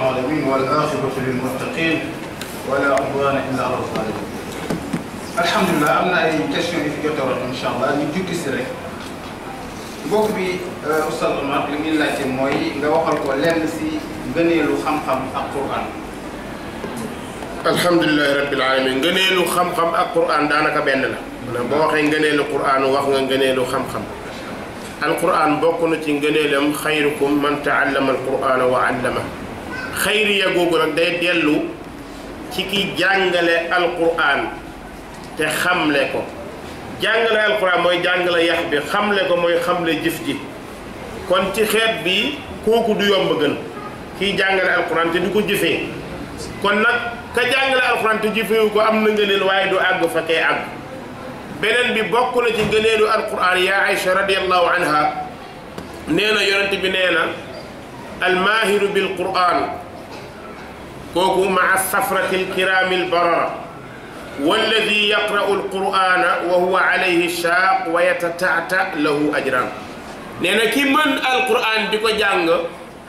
العالمين والآخرة للمتقين ولا عدوان إلا على الظالمين alhamdulilah am na ay questions yu fi jot a wax incha allah ñu jukki si rek mbokk bi euh, Oustaz Omar li muy laajte mooy nga waxal ko lenn si ngëneelu xam-xam ak Qur'an. alhamdulilah rabbil alamin ngëneelu xam-xam ak Qur'an daanaka benn la. maanaam boo waxee ngëneelu Qur'an wax nga ngëneelu xam-xam. alquran bokk na ci ngëneelam xayrukum man taallama alqur'ana wa allama xayriya googu nag day dellu ci ki jàngale alquran te xamle ko jàngale alquran mooy jàngale yax bi xamle ko mooy xamle jëf ji kon ci xeet bi kooku du yomb gën kiy jàngale alquran te du ko jëfee kon nag ka jàngale alquran te jëfewu ko am na ngëneel waaye du àgg fa kee àgg beneen bi bokk na ci ngëneelu alquran yaa Aïcha radiallahu anha nee na yonent bi nee na almaahiru bilquran kooku maa safrati alkiraami albarara walladi yaqra'u alqur'ana wa huwa alayhi shaaq wa yatataata lahu ajran nee ki mën alqur'an di ko jàng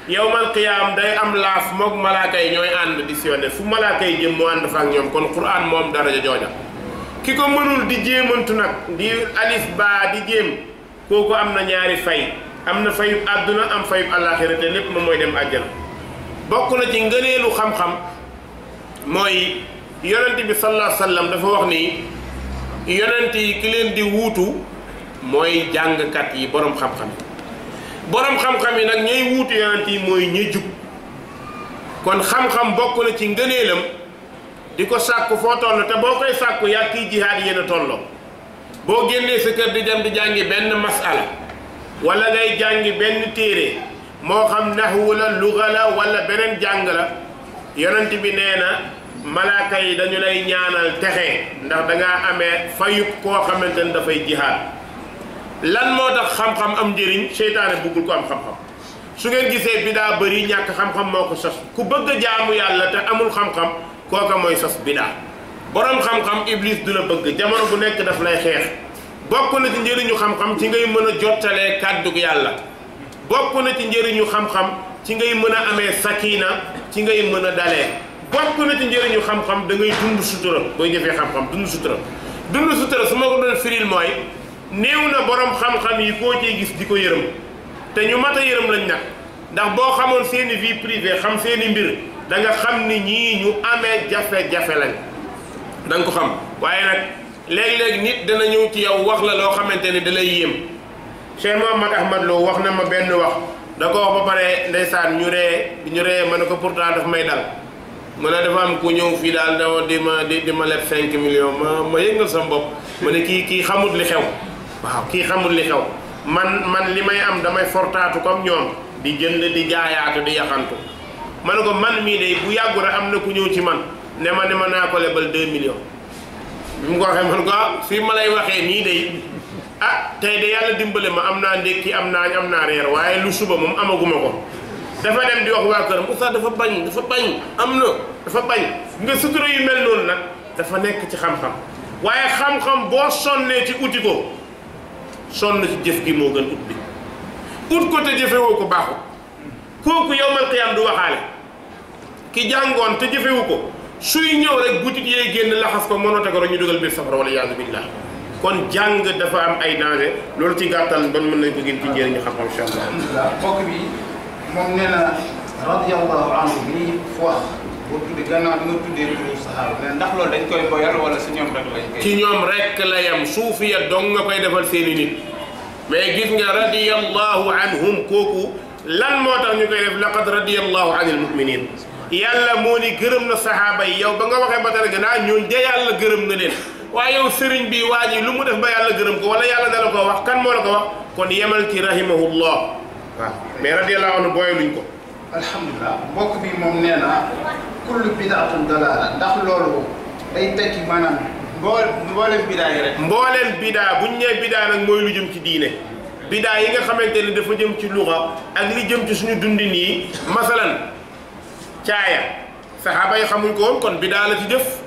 yowmal qiyaam day am laaf moog malaaka yi ñooy ànd di siyone fu malaaka jëm mu ànd fa ak ñoom kon qur'an moom daraja jooja ki ko mënul di jéemantu nag di alif baa di jéem kooku am na ñaari fay am na fayub àdduna am fayub àllaaxira te lépp moom mooy dem àjjana bokk na ci ngëneelu xam-xam mooy yonent bi sallallahu alayhi wa sallam dafa wax ni yonent yi ki leen di wuutu mooy jàngkat yi borom xam-xam yi nag ñooy wuutu yonent yi mooy ñi jub kon xam-xam bokk na ci ngëneelam di ko sàkku foo toll te boo koy sàkku yaa kiy jihaad yéen a tolloo boo génnee sa kër di dem di jàngi benn masala wala ngay jàngi benn téere moo xam naxwu la luga la wala beneen jàng la yonent bi nee na malaaka yi dañu lay ñaanal texe ndax danga amee fayub koo xamante ni dafay jihaad lan moo tax xam-xam am njëriñ seytaane buggul ko am xam-xam su ngeen gisee bidaa bëri ñàkk xam-xam moo ko sos ku bëgg a jaamu yàlla te amul xam-xam kooka mooy sos bidaa borom xam-xam iblis du la bëgg jamono bu nekk daf lay xeex bokk na ci njëriñu xam-xam ci ngay mën a jottalee kàddug yàlla bokk na ci njëriñu xam-xam ci ngay mën a amee sakina ci ngay mën a dalee bokk na ci njëriñu xam-xam da ngay dund sutura booy jëfee xam-xam dund sutura dund sutura su ma ko doon firil mooy néew na borom xam-xam yi koo cee gis di ko yërëm te ñu mat a yërëm lañ nag ndax boo xamoon seeni i vie privée xam seen i mbir da nga xam ni ñii ñu amee jafe-jafe lañ da ko xam waaye nag léeg-léeg nit dana ñëw ci yow wax la loo xamante ne dalay lay yéem. Cheikh man Ahmad Lo wax na ma benn wax da ko wax ba pare ndeysaan ñu ree ñu ree ma ne ko pour pourtant dafa may dal ma ne dafa am ku ñëw fii daal dama di ma di ma leb millions ma ma yëngal sama bopp ma ne kii kii xamut li xew waaw kii xamut li xew man man li may am damay fortaatu comme ñoom di jënd di jaayaatu ma ne ko man mii de bu yàggu rek am na ku ñëw ci man ne ma ne ma naa ko lebal 2 millions bi mu ko waxee man ko ah fii ma lay waxee nii de. ah tey de yàlla dimbale ma am naa ndékki am naa ñu am naa reer waaye lu suba moom amaguma ko dafa dem di wax waa këram oustaz dafa bañ dafa bañ am na dafa bañ nga sutura yu mel noonu nag dafa nekk ci xam-xam waaye xam-xam boo sonnee ci uti ko sonn ci jëf gi moo gën ut bi ut ko te jëfewoo ko baaxul kooku yowmal qiyaam du waxaale ki jàngoon te jëfewu ko suy ñëw rek butit yee génn laxas ko mënoo teg ko rek ñu dugal biir safara wala yaasu billah kon jàng dafa am ay danger loolu ci gàttal ban mën nañ ko gën ci njëriñu xam-xam incha allah. mbokk bi moom nee na radiyallahu anhu bi wax boo tuddee gannaaw bi nga tuddee turu saxaaba mais ndax loolu dañ koy boyal wala si ñoom rek lañ koy. ci ñoom rek la yem suufiya dong nga koy defal seeni nit mais gis nga radiyallahu anhum kooku lan moo tax ñu koy def laqad radiyallahu anil muminin yàlla moo ni gërëm na saxaaba yi yow ba nga waxee ba tey gannaaw ñooñu de yàlla gërëm na leen. waaye yow sëriñ bi waa ji lu mu def ba yàlla gërëm ko wala yàlla dala ko wax kan moo la ko wax kon yemal ci rahimahullah waaw mais radiyallahu anhu booy luñ ko alhamdulilah bi moom nee na kullu bidaatun dalaala ndax loolu day tekki maanaam mbooleem bidaa yi rek mbooleem bidaa buñ nee bidaa nag mooy lu jëm ci diine bidaa yi nga xamante ne dafa jëm ci luga ak li jëm ci suñu dundin yi masalan caaya saxaaba yi xamuñ ko woon kon bidaa la ci jëf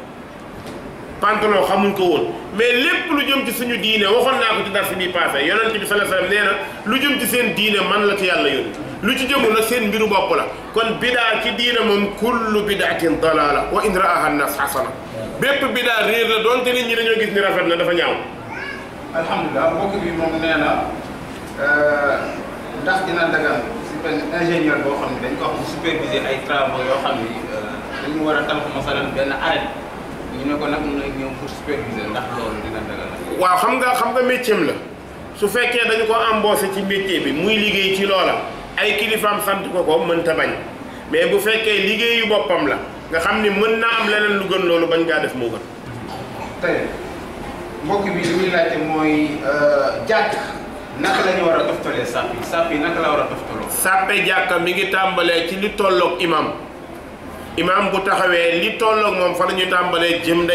pantalon xamuñ ko woon mais lépp lu jëm ci suñu diine waxoon naa ko ci dars bi passé yonent bi sallallahu alayhi wasallam nee na lu jëm ci seen diine man la ci yàlla yónni lu ci jëmul nag seen mbiru bopp la kon bidaa ci diine moom kullu bidaatin dalaala wa in raaha nnaas xasana bépp bidaa réer la doonte nit ñi dañoo gis ni rafet na dafa ñaaw alhamdulilah mbokk bi moom nee na ndax dina dagan si benn ay travaux yoo xam ni euh, dañu war a tabax masalan benn arène ñu ne ko nag mu ne ñëw pour superviser ndax loolu dina dalal waaw xam nga xam nga métier la su fekkee dañu ko embauché ci métier bi muy liggéey ci loola ay kilifaam sant ko ko mënta bañ mais bu fekkee liggéeyu boppam la nga xam ni mën naa am leneen lu gën loolu bañ ngaa def moo gën. mbokk bi li muy laajte mooy euh, jàkk naka la war a toftalee sàpp yi sàpp yi naka la war a toftaloo. sàppe jàkka mi ngi tàmbalee ci li tolloog imam. imaam bu taxawee li tolloog moom fa la ñu tàmbalee jëm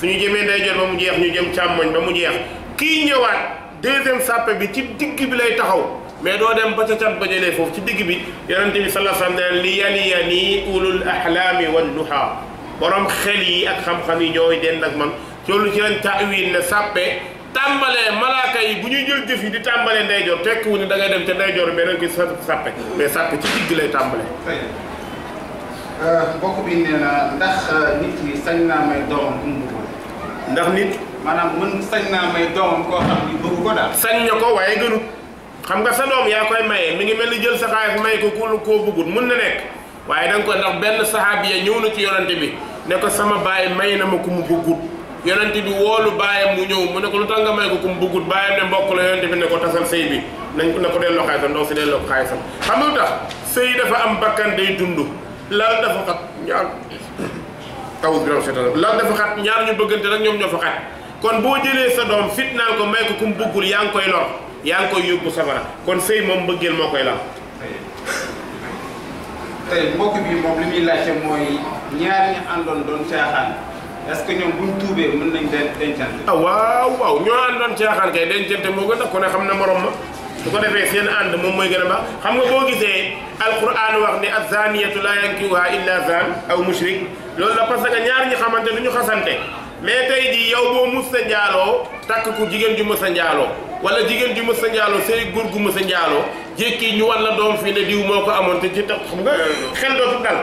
su ñu jëmee ndeyjoor ba mu jeex ñu jëm càmmoñ ba mu jeex kii ñëwaat deuxième sàppe bi ci digg bi lay taxaw mais doo dem ba ca cat ba jëlee foofu ci digg bi yonent bi sallallahu alayhi wa sallam li yaliyani ulul ahlaami wan duha borom xel yi ak xam yi ñooy den ak man loolu ci lañ taawil ne sàppe tàmbalee malaaka yi bu ñuy jël jëf di tàmbalee ndeyjoor tekkiwu ne da ngay dem ca ndeyjoor mais dañ koy sàppe mais sàppe ci digg lay tàmbalee Euh, mbokk bi nee na ndax euh, nit ki sañ naa may doomam ku mu bëggul. sañ naa may doomam koo xam ni bëgg ko daal. sañ na ko waaye gënu. xam nga sa doom yaa koy maye mi ngi mel ni jël sa xaalis may ko ku koo bëggul mun na nekk. waaye da nga ko ndax benn saxaabi ya ñëw na ci yonante bi ne ko sama baay may na ma ku mu bëggut yonante bi woolu baayam mu ñëw mu ne ko lu tax nga may ko ku mu bëggut baayam ne mbokk la yonante bi ne ko tasal sëy bi nañ ko ne ko delloo xaalisam ndaw si delloo ko xaalisam xam dafa am bakkan day dund laal dafa xat ñaar awus bi rafetlu laal dafa xat ñaar ñu bëggante nag ñoom ñoo fa xat kon boo jëlee sa doom fitnaal ko may ko ku mu bëggul yaa ngi koy lor yaa ngi koy yóbbu safara kon sëy moom mbëggeel moo koy laal. tey mbokk bi moom li muy laajte mooy ñaar ñi àndoon doon caaxaan est-ce que ñoom buñ tuubee mën nañ den dencante. ah waaw waaw ñoo àndoon caaxaan kay dencante moo gën a ko ne xam ne moroom ma. su ko defee seen ànd moom mooy gën a baax xam nga boo gisee alquran wax ne azaniyatu la yankihuha illa zan aw mushrik loolu la parce que ñaar ñi xamante du ñu xasante mais tey di yow boo mus sa njaaloo takk ku jigéen ju mus sa njaaloo wala jigéen ju mus sa njaaloo sëy góor gu mus sa njaaloo jékki ñu wan doom fii ne diw moo ko amoon te ci tax xam nga xel dootu dal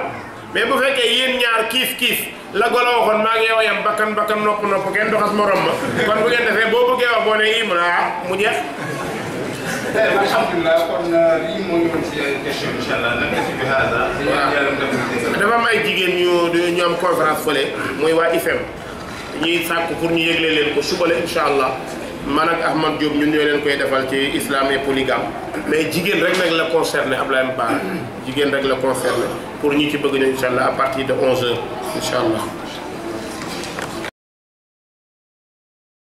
mais bu fekkee yéen ñaar kiif kiif la golo waxoon maa ngi yow yam bakkan bakkan nopp nopp kenn doxas morom ma kon bu ngeen boo bëggee wax boo ne i mu jeex alhamdulilah kon lii dafa am ay jigéen ñu ñu am conférence fële mooy waa IFEM ñuy sàkk pour ñu yëgle leen ko suba la incha allah man ak Ahmad Diop ñu ñoo leen koy defal ci islam et polygame mais jigéen rek nag la concerné Ablaye jigéen rek la concerné pour ñi ci bëgg ñu incha allah à partir de 11h incha allah.